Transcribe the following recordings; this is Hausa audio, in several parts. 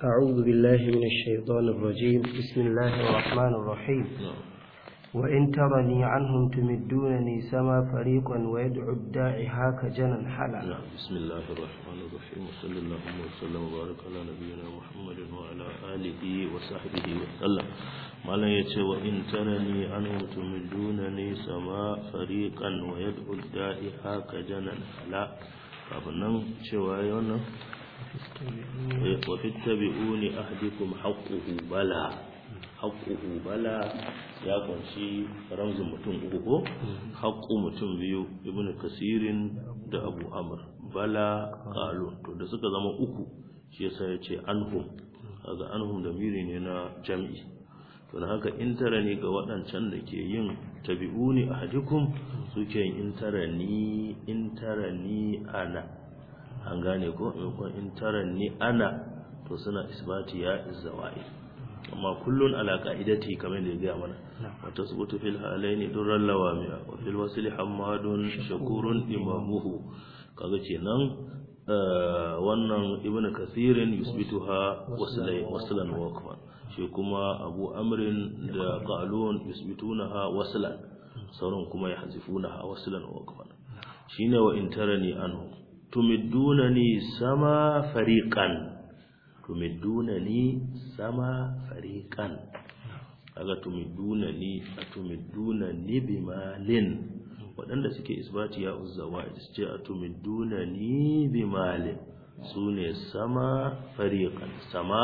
أعوذ بالله من الشيطان الرجيم بسم الله الرحمن الرحيم وإن ترني عنهم تمدونني سما فريقا ويدعو الداعي هاك جنا حلا نعم بسم الله الرحمن الرحيم وصلى اللهم وسلم وبارك على نبينا محمد وعلى آله وصحبه وسلم ما لا يتي وإن ترني عنهم تمدونني سما فريقا ويدعو الداعي هاك جنا حلا فبنم شوايا وتتبعون أهدكم حقه بلا حقه bala ya kunshi ramzin mutum uku ko haƙƙu mutum biyu ibn kasirin da abu amr bala qalun to da suka zama uku shi yasa ya ce anhum kaga anhum da miri ne na jam'i to da haka tara ni ga waɗancan da ke yin tabi'uni ahdikum suke in tara ni ana an gane ko maimakon in tara ni ana to suna isbati ya izzawai amma kullun ala qa'idati kamar da ya gaya mana wa tasbutu fil halaini durran lawami'a wa fil wasli hamadun shakurun imamuhu kaga kenan eh, wannan ibn kasirin yusbituha waslai waslan waqfan shi kuma abu amrin da qalun yusbitunaha waslan sauran kuma yahzifunaha waslan waqfan shine wa intarani anhu tumiddunani sama fariqan tumiddunani sama fariqan aga tumiddunani bi bimalin waɗanda suke isbati ya uzzawa a ce atumiddunani bimalin su ne sama fariqan sama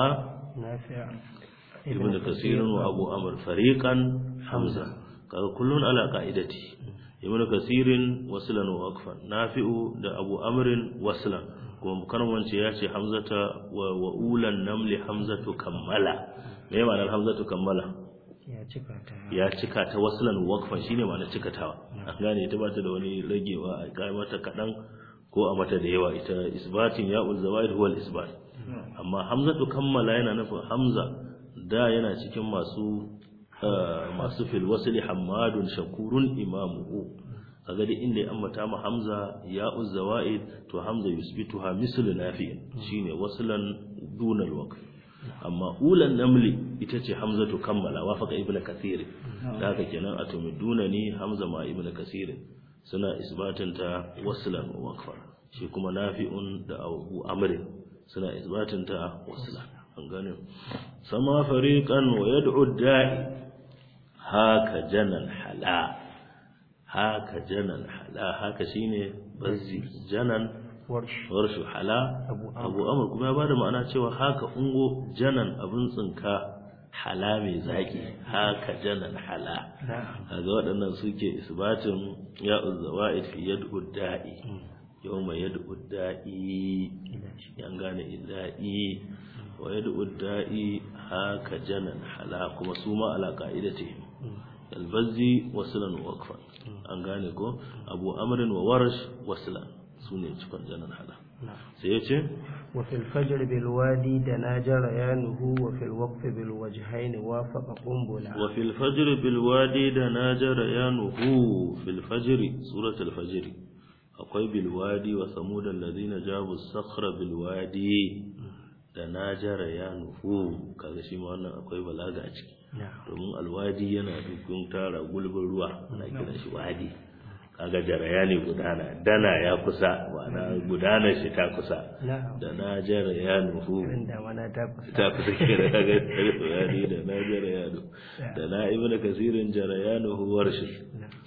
ibn kasirin wa abu amr fariqan hamza kaga kullun ala qa'idati ibn kasirin waslan wa akfan nafi'u da abu amrin waslan kuma mukarwan ce ya ce hamzata wa wa'ulan namli hamzatu kammala me ma'anar hamzatu kammala ya cika ta waslan wa akfan shine ma'anar cikatawa an gane ita ba ta da wani ragewa a kai mata kaɗan ko a mata da yawa ita isbatin ya ul zawaid huwa isbat hmm. amma hamzatu kammala yana nufin hamza da yana cikin masu masu fil hamadun shakurun imamuhu a gadi inda ya ambata mu hamza ya wai to hamza yusbituha mislu nafi shine waslan dunal waqf amma ulan namli ita ce hamza to kammala wafaka ibnu kathir da haka kenan atumiduna dunani hamza ma ibnu kathir suna isbatin ta waslan wa shi kuma nafi'un da abu amrin suna isbatin ta waslan an gane sama fariqan wa yad'u da'i haka janan hala haka janan hala haka shine bazzi janan warshu hala abu amur kuma ya bada ma'ana cewa haka ungo janan abin tsinka hala mai zaki haka janan hala kaga waɗannan suke isbatin ya uzawaid fi yad'u da'i mm. yawma yad'u da'i yan gane ida'i mm. wa yad'u da'i haka janan hala kuma su ma ala ce. البزي وصلا ووقفا an gane ko abu amrin wa warash wasla su ne cikon janar hada sai ya ce wa fil fajr bil wadi da na jara ya nuhu wa fil waqf bil wajhain wa faqa qumbula wa fil fajr bil wadi da na jara ya nuhu fil fajr surat al fajr akwai bil wadi wa samud alladhina jabu sakhra bil wadi da na jara ya nuhu kaga shi ma wannan akwai balaga a ciki domin alwadi yana dukkan tara gulbin ruwa ana gina shi wadi kaga jaraya ne gudana dana ya kusa wana gudanar shi ta kusa da na jaraya nuhu ta kusa kira kaga jaraya da na jaraya nuhu da na ibn kasirin jaraya nuhu warshi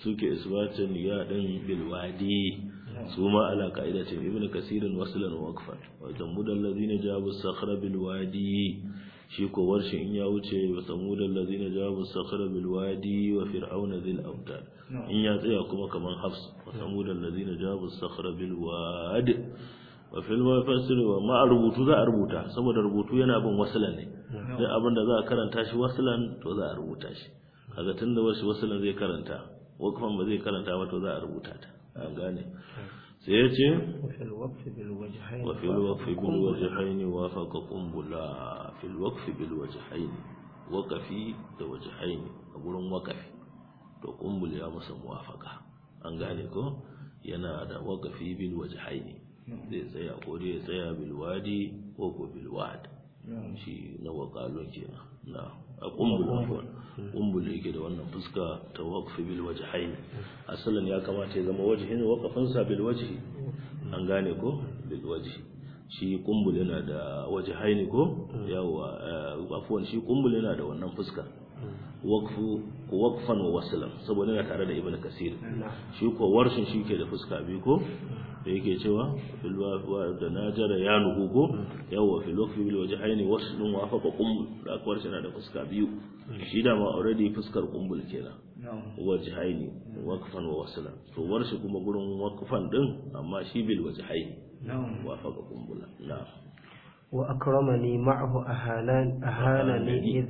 suke isbatin ya din bilwadi su ma ala ce, ibn kasirin waslan waqfan wa jamudan ladina jabu sakhra bilwadi shi ko warshe in ya wuce wa samuda allazina jabu sakhara bil wadi wa fir'auna zil awtad in ya tsaya kuma kamar hafs wa samuda allazina jabu sakhara bil wadi wa fil mafasir wa ma rubutu za a rubuta saboda rubutu yana bin waslan ne duk abin da za a karanta shi waslan to za a rubuta shi kaga tunda wasu waslan zai karanta wakafan ba zai karanta ba to za a rubuta ta an gane سيأتي وفي الوقف بالوجهين وفي الوقف بالوجهين وافق قنبلة في الوقف بالوجهين وقفي a أقول وقفي to kumbul ya masa muwafaka an gane ko yana da wakafi bil haini zai tsaya ko dai ya tsaya bil wadi ko ko bil shi na kenan a ƙumbul yake da wannan fuska ta waƙafi bil haini asalin ya kamata ya zama wajhin waqafin sa bil waje an gane ko bil waje shi ƙumbul yana da waje haini ko yawa eh, afwan shi ƙumbul yana da wannan fuska waƙafan waqfan wa wasalam saboda yana tare da Ibn kasir shi ko warshin shi ke da fuska biyu ko da yake cewa fil wa da najara ya nuhu ko yawa fil waje haini wasu nun wa faqa kumbul da akwar shi da fuska biyu shi da ma already fuskar na waje haini wakfan wa waslan to warshi kuma gurin wakfan din amma shi bil haini wa faqa kumbula na wa akramani ma'ahu ahalan ahalani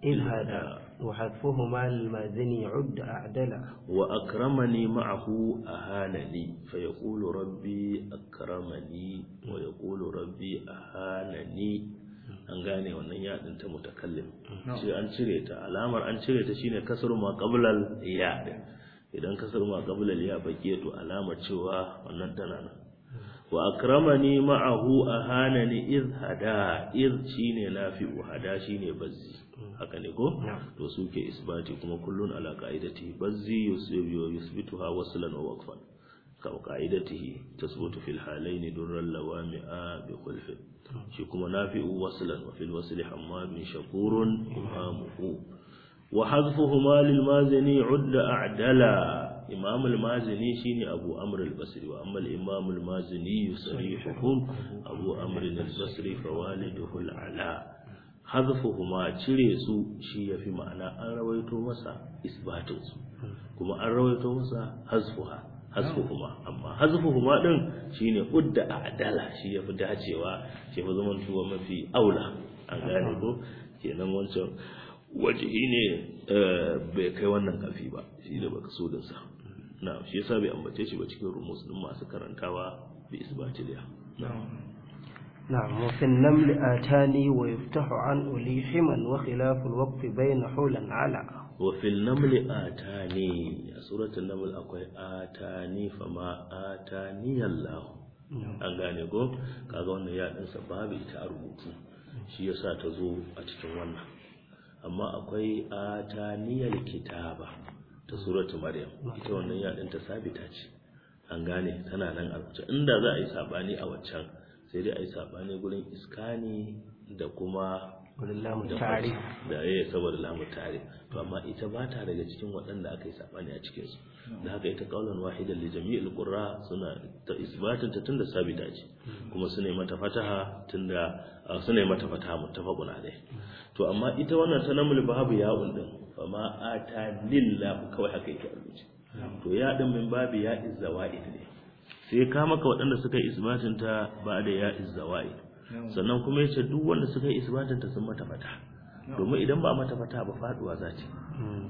idh hada وحذفهما المازني عد أعدلا وأكرمني معه أهانني فيقول ربي أكرمني ويقول ربي أهانني an gane wannan yaɗin ta mutakallim sai an cire ta alamar an cire ta shine kasar ma qablal ya idan kasar ma qablal ya bakiyatu alamar cewa wannan tana nan wa akramani ma'ahu ahanani iz hada iz shine nafi'u hada shine bazzi haka ne ko to suke isbati kuma kullun ala qa'idatihi bazzi yusbituha waslan wa waqfan ka qa'idatihi tasbutu fil halayn durran lawami'a bi khulfin shi kuma nafi'u waslan wa fil wasli min shakurun imamuhu wa hadfuhuma lil mazini udda a'dala wa amma شيني أبو أمر البصري وأما abu المازني يصريحهم أبو أمر البصري فوالده ala. hazfuhuma cire su shi yafi ma'ana an rawaito masa isbatun su kuma an rawaito masa hazfuha hazfuhuma amma hazfuhuma din shine udda adala shi yafi dacewa ce fi zaman tuwa mafi aula an gane ko kenan wancan wajihi ne eh, bai kai wannan kafi ba shi da baka so na shi yasa bai ambace shi ba cikin rumus din masu karantawa bi isbatiliya. نعم وفي النمل آتاني ويفتح عن أولي حما وخلاف الوقت بين حولا على وفي النمل آتاني سورة النمل أقوي آتاني فما آتاني الله an gane ko kaga wannan ya babu ita a rubutu shi yasa ta zo a cikin wannan amma akwai ataniyal kitaba ta suratu maryam ita wannan ya ɗanta sabita ce an gane tana nan a rubuce inda za a yi saɓani a waccan sai dai a yi saɓani gurin iskani da kuma wurin lamun tare da ya eh, saboda lamun tare to amma ita ba ta daga cikin waɗanda aka yi saɓani a cikin su da haka ita qaulan wahidan li jami'il qurra suna ta isbatin ta tunda sabita ce kuma suna mata fataha tunda ne mata fataha muttafaqun alayh to amma ita wannan ta namul babu ya'un din fa ma ata lillahu kawai haka yake to ya din min babu ya izzawaid ne sai ka maka waɗanda suka yi isbatin ta ba da ya izzawai sannan kuma yace duk wanda suka yi isbatin ta sun mata fata domin idan ba mata fata ba faduwa za ta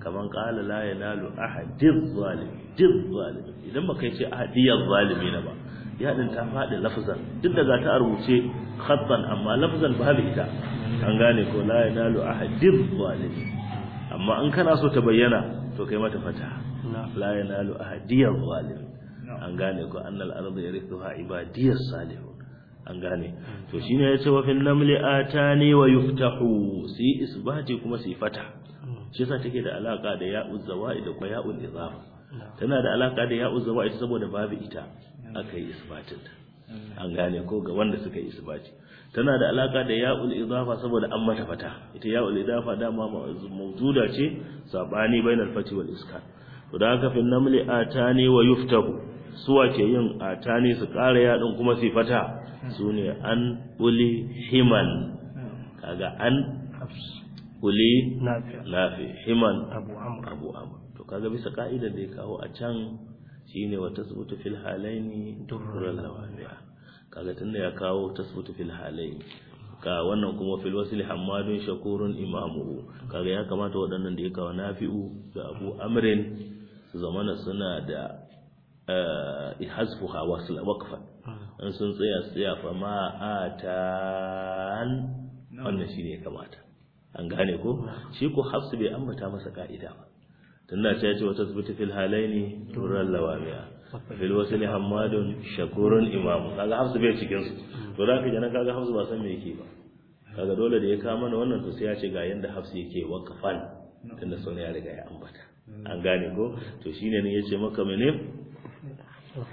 kaman qala la yanalu ahadiz zalim diz zalim idan ba kai ce ahadiyaz zalimi na ba ya din ta fadi lafzan duk da ta rubuce khatban amma lafzan babu ita an gane ko la yanalu ahadiz zalim amma an kana so ta bayyana to kai mata fata la yanalu ahadiyaz zalim an gane ko annal ardu yarithuha ibadiyas salihun an gane to shine yace wa fil namli atani wa yuftahu si isbati kuma si fata shi yasa take da alaka da ya'uz zawaid da ya'ul idafa tana da alaka da ya'uz zawaid saboda babu ita akai isbatin an gane ko ga wanda suka yi isbati tana da alaka da ya'ul idafa saboda an mata fata ita ya'ul idafa dama mawjuda ce sabani bainal fati wal iskan to da haka fil namli atani wa yuftahu su ake yin a tani su ƙara yaɗin kuma su fata su ne an uli himan kaga an uli nafi himan abu amr to kaga bisa ƙa'idar da ya kawo a can shine wa tasbutu fil ne durrul lawafiya kaga tunda ya kawo tasbutu fil halai ka wannan kuma fil wasili hammadun shakurun imamu kaga ya kamata waɗannan da ya kawo nafi'u da abu amrin su zamana suna da Eh, ihazfuha wasl waqfan ah. in sun tsaya tsaya fa ma atan wannan shine ya kamata an gane ko shi ko hafsu bai ambata masa ka'ida ba tunda ta ce wata zubuta fil halaini turan lawamiya fil wasli hammadun shakurun imamu kaga hafsu bai cikin su hmm. to zaka ji nan kaga hafsu ba san me yake ba kaga dole da ya kawo mana wannan to sai ya ce ga yanda hafsu yake waqfan tunda sunan ya riga ya ambata hmm. an gane ko to shine ne yace maka mene wa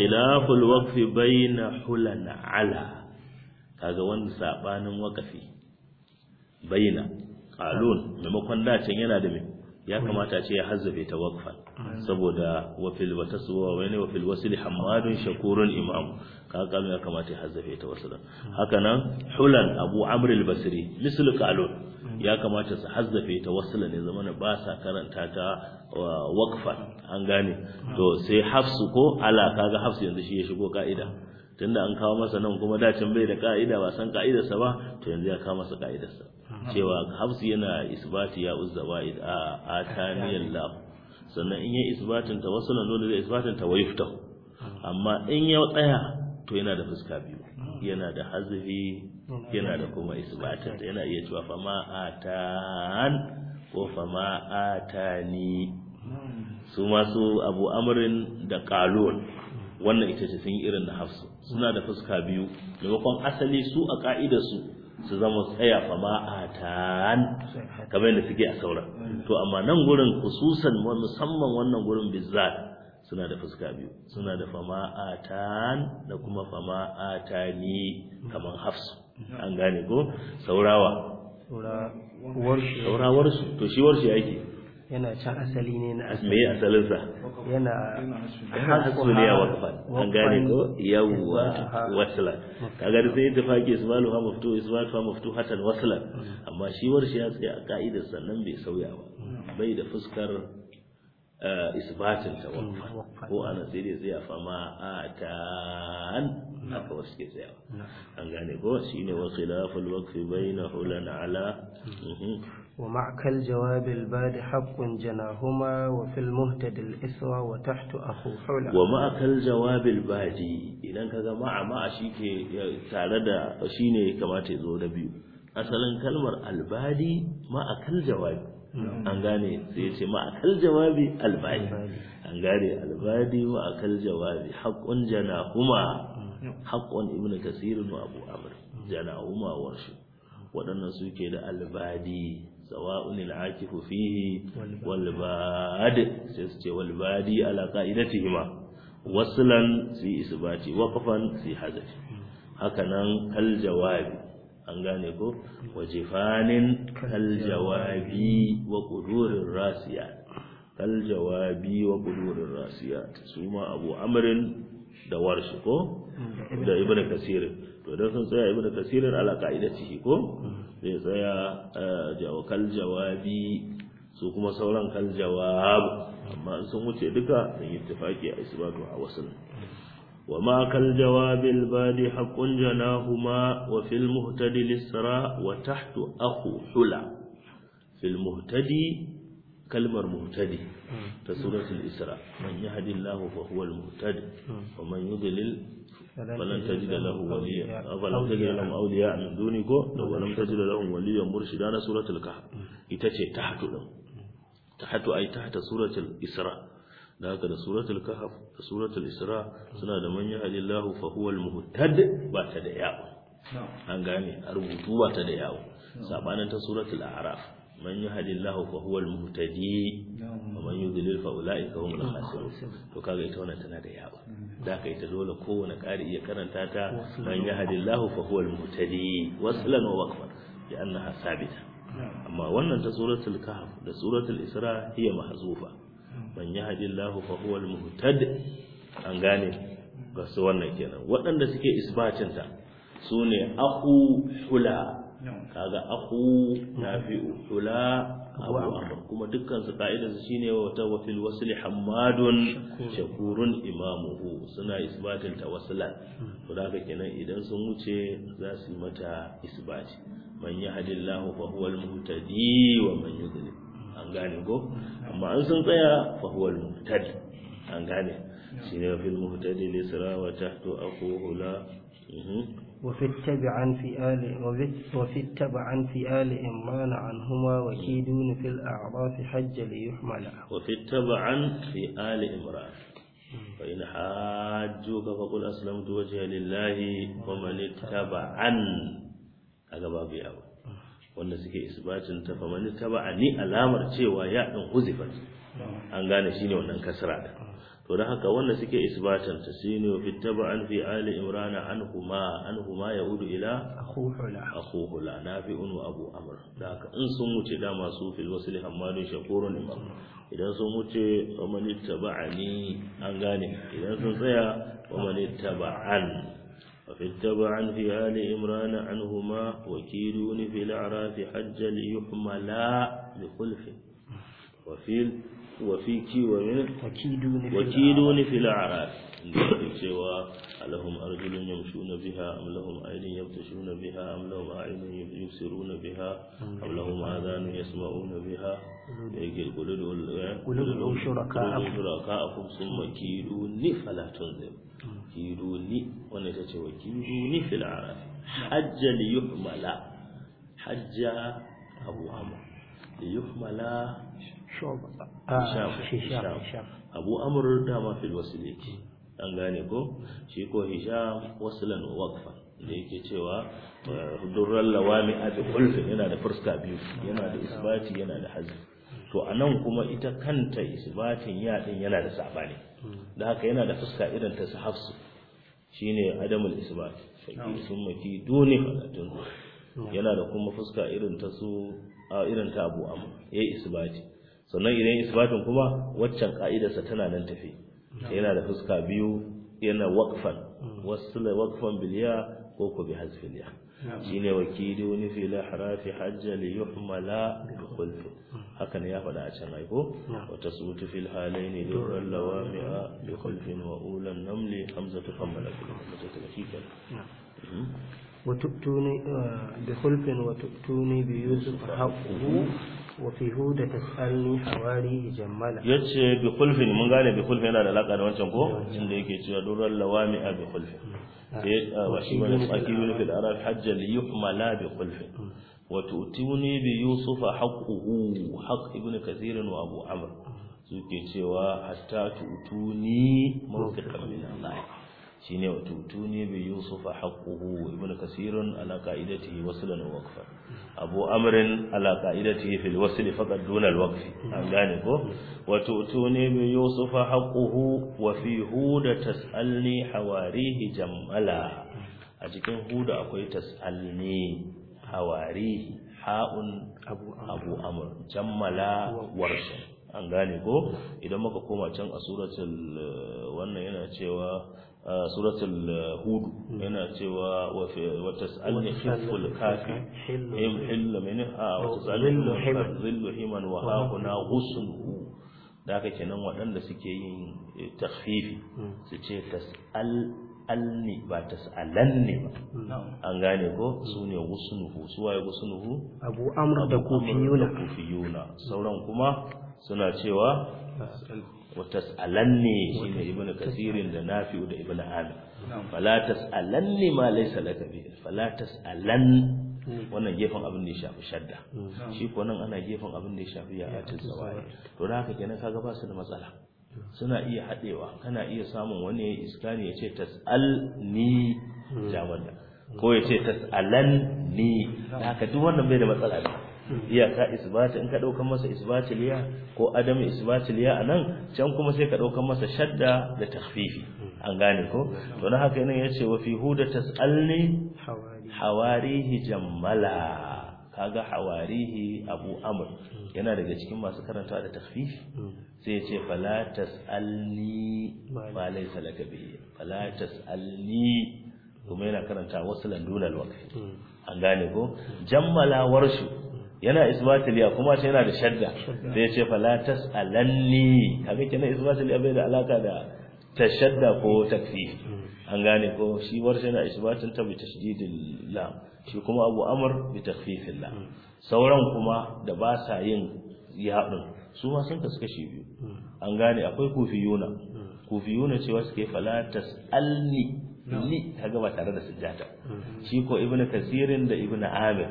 khilaful waqf bayna hulan ala kaga wanda sabanin waqafi bayna qalun maimakon da can yana da me ya kamata ce ya hazzabe ta waqfan saboda wa fil wataswa wa ne wa fil wasli hamadun shakurun imam kaga ya kamata ya hazzafe ta wasu haka nan hulan abu amr al-basri misl ya kamata su hazzafe ta wasu ne zaman ba sa karanta ta waqfa an gane to sai hafsu ko ala kaga hafsu yanzu shi ya shigo ka'ida tunda an kawo masa nan kuma dacin bai da ka'ida ba san ka'idarsa ba to yanzu ya kawo masa ka'idarsa cewa hafsu yana isbati ya uzzawa'id a la sannan in yi isbatin tawassulan dole zai isbatin tawayuftahu amma in ya tsaya to yana da fuska biyu yana da hazfi yana da kuma isbatin yana iya cewa fama atan ko fama atani su masu abu amrin da kalon wannan ita ce sun irin na hafsu suna da fuska biyu maimakon asali su a ka'idarsu su zama tsaya fama atan kamar yadda suke a sauran to amma nan gurin musamman wannan gurin bizar. suna da fuska biyu suna da fama'atan da kuma fama'atani kamar hafsu an gane ko saurawa saurawarsu to shi warshi yake yana can asali ne na asali me asalinsa yana hasu ne ya wakfan an gane ko yawwa waslan kaga sai ittifaqi ismalu ha Muftu, ismalu ha Muftu hatan waslan mm. amma shi warshi ya tsaya a ka'idar sannan bai sauya ba mm. bai da fuskar isbatin tawaffa ko ana sai dai zai fa ma atan haka wasu ke tsayawa an gane ko shi ne wa khilafal waqfi hulan ala wa ma'kal jawabil badi haqqun janahuma wa fil muhtadil iswa wa tahtu akhu hula wa ma'kal jawabil badi idan kaga ma'a ma'a shike tare da shine kamata ya zo da biyu asalin kalmar albadi ma'a kal jawabi Hmm. an gane sai ya ce ma'akal jawabi albadi an gane albadi ma'akal jawabi haƙƙun janahuma hmm. haƙƙun ibnu kasirin wa abu amr janahuma shi waɗannan suke da albadi sawa'un al'akifu fihi wal bad sai su ce wal badi ala qa'idatihima waslan si isbati waqfan si hadafi hmm. hakanan kal jawabi an gane ko wajifanin kaljawabi wa kudurin rasiya kaljawabi wa kudurin rasiya su ma abu amrin da warsu ko da ibn kasir to dan sun tsaya ibn kasir ala ciki ko zai tsaya eh, jawakal jawabi su kuma sauran kal amma sun wuce duka sun yi tafaki a isbatu a wasu وما كالجواب الباد حق جناهما وفي المهتدي للسراء وتحت أخو حلا في المهتدي كلمة مهتدي تسورة الإسراء من يهد الله فهو المهتدي ومن يضلل فلن تجد له وليا فلن تجد لهم أولياء من دونك ولم تجد لهم وليا مرشدا سورة الكهف إتتي تحت لهم تحت أي تحت سورة الإسراء da haka da suratul kahf da suratul isra suna da man yahdillahu fa huwal muhtad ba ta da yawo an gane a rubutu ba ta da yawo sabanin ta suratul a'raf man yahdillahu fa huwal muhtadi wa man yudlil fa ulaika humul khasirun to kaga ita wannan tana da yawo mm. da haka ita dole kowane ƙari iya karanta ta man yahdillahu fa huwal muhtadi waslan wa waqfan bi annaha sabita amma wannan ta suratul kahf da suratul isra hiya mahzufa man yahdillahu fa huwal muhtad an gane ga su wannan kenan waɗanda suke isbatin ta sune aku hula kaga aku nafi hula abu amma kuma dukkan su ka'idar su shine wa wasli hammadun shakurun imamuhu suna isbatin ta tawassula to da kenan idan sun wuce za su mata isbati man yahdillahu fa huwal muhtadi wa man yudlil an gane go. amma an sun tsaya fa huwa al-muhtadi an gane shi ne fil muhtadi li sira wa tahtu aquhu la وفي التبع في آل وفي التبع في آل إمران عنهما وكيدون في الأعراف حج ليحمل وفي التبع في آل إمران فإن حاجوك فقل أسلمت وجهي لله ومن اتبعن هذا بابي أول wanda suke isbatin ta faman taba'ani alamar cewa ya din huzifat an gane shine wannan kasra da to dan haka wanda suke isbatin ta shine fi taba'an fi ali imran an anhuma yaudu ila akhuhula akhuhula nafi'un wa abu amr dan haka in sun wuce da masu fil wasli hammadun shakurun imam idan sun wuce faman taba'ani an gane idan sun tsaya faman taba'an وفي التبع في آل إمران عنهما وكيلون في الأعراف حج ليحملا لخلف وفي وفي كي ومن وكيلون في الأعراف سوى لهم أرجل يمشون بها أم لهم أيد يبتشون بها أم لهم أعين يبصرون بها أم لهم آذان يسمعون بها قل لهم شركاءكم ثم كيدوني فلا تنذروا wakiluni wannan ita ce wakiluni fil arafi hajja li yuhmala hajja abu amr li yuhmala ah, hisham abu amr dama fil wasl yake an gane ko shi ko hisham waslan wa waqfan da yake cewa durral lawami a yana da furska biyu yana da isbati yana da hazfi to a nan kuma ita kanta isbatin ya din yana da sabani da haka yana da fuska irin ta sahabsu shine adamul isbat sai sun maki dole halatun yana da kuma fuska irin ta su irin ta abu am yayi isbati sannan idan isbatin kuma waccan ka'idarsa tana nan tafi yana da fuska biyu yana waqfan mm. wasla waqfan bil ya ko ko bi hazfil ya shine wakidu ni fi la harafi hajja li yuhmala bi khulf mm. haka ya faɗa a can aiko wata tsoti fil halai ne da wurin lawa mai a bi kwalfin wa ulan nam ne hamza ta kammala fi kuma ta tuna shi mhm. kan wa uh, bi yusuf haƙu wa fi huda ta tsalli hawari jammala ya ce bi mun gane bi kwalfin yana da alaƙa da wancan ko inda yake cewa durar lawa mai a bi kwalfin sai mm. wa wani tsaki wani fi da arafi hajjal yi وتؤتوني بيوسف حقه حق ابن كثير وابو عمرو suke cewa hatta tutuni mawqiqan min Allah shine wa tutuni bi yusuf a haqquhu ibn kasir ala qa'idatihi wasu da waqfan abu amr ala qa'idatihi fil wasl faqad duna al waqf an gane ko wa tutuni bi yusuf haqquhu wa fi huda tasalni hawarihi jamala a cikin huda akwai tasalni Hawari ha'un abu amr jammala warsa an gane ko idan muka koma can a suratul eh, wannan yana cewa eh, suratul eh, hud hmm. yana cewa wa tas'alni khiful kafi him hillu min ha ah, wa oh, tas'alni dhillu himan wa haquna ghusluhu da haka kenan waɗanda suke yin takhfifi hmm. su ce tas'al tas'alni ba ne ba an gane ko su ne wasu su waye wasu nufu? abu amur da kufiyuna kufiyuna sauran kuma suna cewa wa shi ne ibn kasirin da nafi'u da ibn amir fala ne ma laysa laka bi fala tas'alan mm. wannan gefen abin da ya shafi shadda mm. shi ko nan ana gefen abin da ya shafi ya atil zawai to da haka kenan kaga ba su da matsala suna iya haɗewa kana iya samun wani ya iska ne ya ce tas'al ni hmm. jawanda ko ya ce tas'alan ni da haka duk wannan bai da matsala ne iyaka isbata in ka ɗaukar masa isbatiliya ko adam isbatiliya a nan can kuma sai ka ɗaukar masa shadda da takfifi hmm. an gane ko to na haka yanayi ya ce wa fi huda ni hawarihi jammala kaga hawarihi abu amr yana daga cikin masu karanta da takhfif sai ya ce fala tasalni ma laysa laka bi fala tasalni kuma yana karanta wasu landuna alwaqi hmm. an gane ko jammala warshu yana isbatiliya kuma sai yana da shadda sai ya ce fala tasalanni kaga kenan isbatiliya bai da alaka da tashadda ko takfifi hmm. an gane ko shi warsa yana isbatin ta bi tashdidil la shi kuma abu amr bi takhfifil hmm. sauran kuma da ba sa yin yadin su ma sun kasu kashi biyu hmm. an gane akwai kufiyuna hmm. kufiyuna cewa suke fala tasalni li ta gaba tare da sujjata shi ko ibnu kasirin da ibnu amir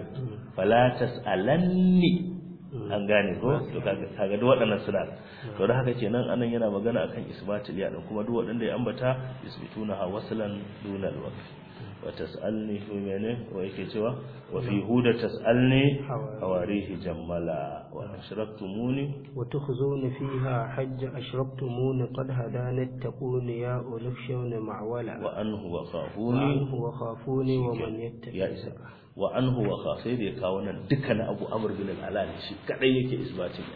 fala tasalanni Mm. an gane ko mm. to kaga kaga duk waɗannan suna to da haka kenan anan yana magana akan isbatul ya kuma duk waɗanda ya ambata isbituna waslan dunal waqf wa tas'alni fi mene wa yake cewa wa fi huda tas'alni hawarihi jammala wa ashraktumuni wa tukhzuni fiha hajja ashraktumuni qad hadana taquni ya ulukshawna ma'wala wa anhu wa khafuni wa anhu wa khafuni wa man yattaqi ya isa wa anhu wa khafai da kawo nan dukkan abu amr bin al-alal shi kadai yake isbatin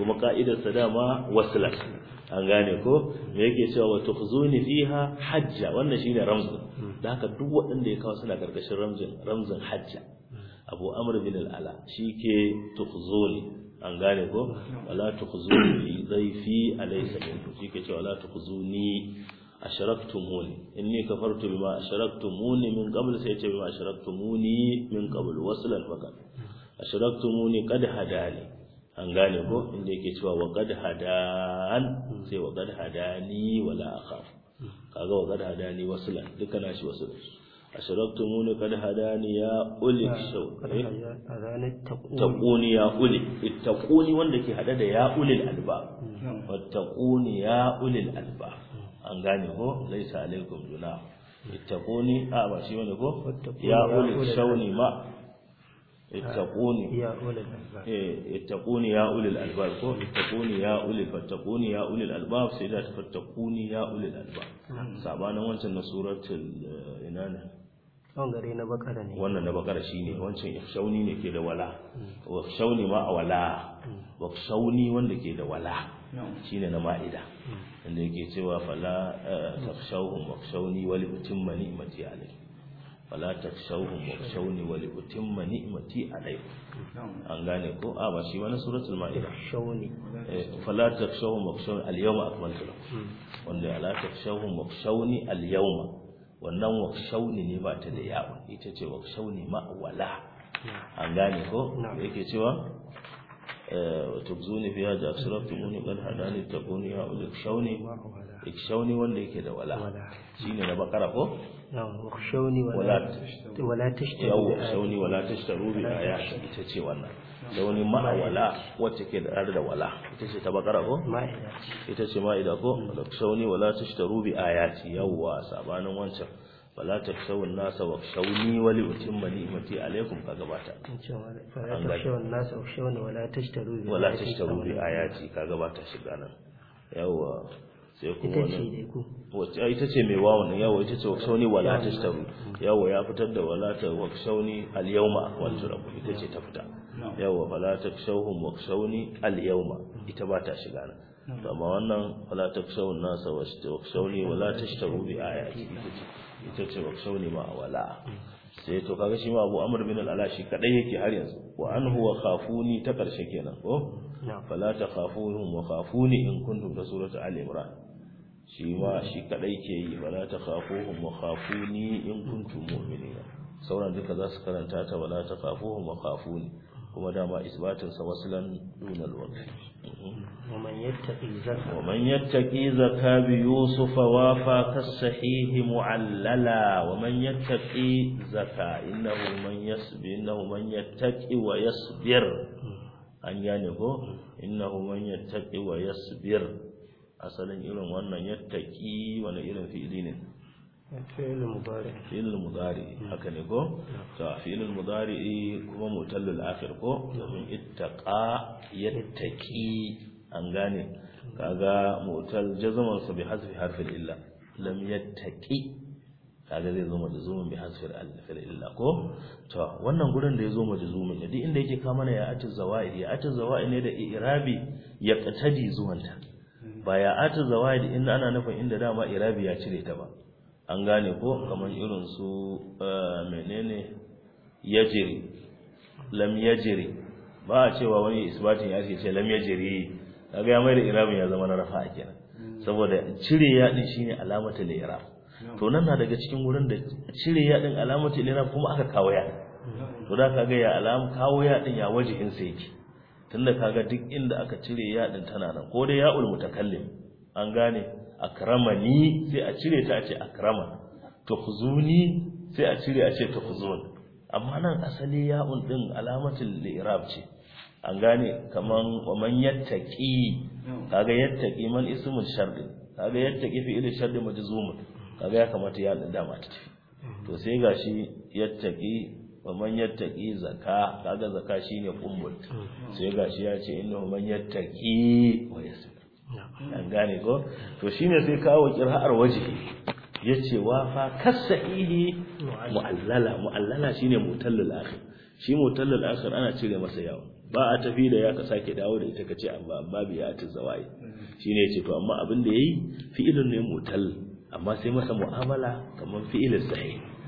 kuma ka'idar sa dama waslat an gane ko me yake cewa wa tukhzuni fiha hajja wannan shine ramzu da haka duk waɗanda ya kawo suna karkashin ramzin ramzin hajja abu amr bin al-ala shike tukhzuni an gane ko wala tukhzuni dhaifi alaysa min shike cewa wala tukhzuni ashraktumuni inni kafartu bima ashraktumuni min qabl sai ce bima ashraktumuni min qabl waslan fakat ashraktumuni qad hadani an gane ko inda yake cewa wa qad hadan sai wa qad hadani wala akhaf kaga wa qad hadani waslan duka nashi asharabtu mun kad hadani ya uli shau taquni ya uli ittaquni wanda ke hada da ya ulil albab hmm. wattaquni ya ulil alba an gane ko laisa alaikum junah ittaquni a ba shi wanda ko ya uli shauni ma ittaquni ya ulil albab eh ittaquni ya ulil albab ko ittaquni ya ulil fattaquni ya ulil albab sai da fattaquni ya ulil albab hmm. sabanin wancan na suratul eh, ina ne gare na bakara ne wannan na bakara shine wancan ifshauni ne ke da wala wa hmm. ma a wala wa hmm. wanda ke da wala shine na ma'ida inda yake cewa fala eh, tafshawhum wa ifshauni wa li utimma ni'mati alayhi wala ko a ba shi wani eh, hmm. ba ta da hmm. gane cewa فيها إذا أسرفتموني قد يا أولي اخشوني ikshauni wanda yake da wala shine na bakara ko ikshauni wala wala tashtaru ikshauni wala tashtaru bi ayashi ita ce wannan da wani ma'awala wacce ke da da wala ita ce ta bakara ko ita ce ma'ida ko ikshauni wala tashtaru bi ayati yawwa sabanin wancan wala ta an nasa wa khshawni wali utum mali ni'mati alaikum ka gabata wala ta an nasa wa khshawni wala tashtaru bi ayati ka gabata shiga nan yawwa sai kuma wannan ita ce mai wawan yawo ita ce waksauni wala tastaru yawo ya fitar da wala ta waksauni al yawma wal turab ita ce ta fita yawo wala takshawhum waksauni al yawma ita ba ta shiga nan amma wannan wala shauhun nasa waksauni wala tashtaru bi ayati ita ce waksauni ma wala sai to kaga shi ma Abu Amr bin al-Ala shi kadai yake har yanzu wa anhu wa khafuni ta karshe kenan ko fala ta khafuhum wa khafuni in kuntum da suratu al-Imran shi ma shi kadai ke yi wala ta khafu hum khafuni in kuntum mu'minina sauran duka za su karanta ta wala ta khafu hum khafuni kuma dama isbatin sa waslan dun al Wa waman yattaqi zakka waman yattaqi bi yusuf wa fa ka sahih mu'allala waman yattaqi zakka innahu man yasbi innahu man yattaqi wa yasbir an gane ko hmm. innahu man yattaqi wa yasbir asalin irin wannan ya yattaki wani irin fi'ili ne fi'ilul mudari fi'ilul mudari haka ne ko to fi'ilul mudari kuma mutallul akhir ko domin ittaqa yattaqi an gane kaga mutal jazman sa bi hasbi harfil illa lam yattaqi kaga zai zo mu majzumin bi hasfil alfil illa ko to wannan gurin da ya zo mu majzumin ne duk inda yake ka mana ya atu zawaid ya atu zawaid ne da i'rabi ya qatadi zuwanta ba ya ata zawadi inda ana nufin inda dama irabi ya cire ta ba an gane ko kamar irin su eh, menene yajiri lam yajiri ba a cewa wani isbatin ya ce lam yajiri kaga ya mai da irabin ya zama na rafa kenan hmm. saboda cire ya din shine alamatul irab hmm. to nan na daga cikin wurin da cire ya din alamatul irab kuma aka kawo ya hmm. to da kaga ya alam kawo ya din ya wajihin sa yake tunda kaga duk inda aka cire ya din tana nan ko dai ya'ul mutakallim an gane akramani sai a cire ta a ce akrama tukhzuni sai a cire a ce tukhzun amma nan asali ya'un din alamatul li'rab ce an gane kaman wa man yattaqi hmm. kaga yattaqi man ismul shart kaga yattaqi fi ilal shart majzum kaga ya kamata ya din dama ta hmm. to sai gashi yattaqi wa man yattaki zaka kaga zaka shine kumbul mm. sai gashi ya ce inna man yattaki wa yasir an gane ko to shine sai kawo qira'ar waje yace wa fa kasahihi mu'allala mu'allala shine mutallal akhir shi mutallal akhir ana cire masa yawa ba a tafi da ya ka sake dawo da ita kace amma amma bi ya zawai mm. shine yace to amma abin da yayi fi'ilun ne mutal amma sai masa mu'amala kamar fi'ilin sahih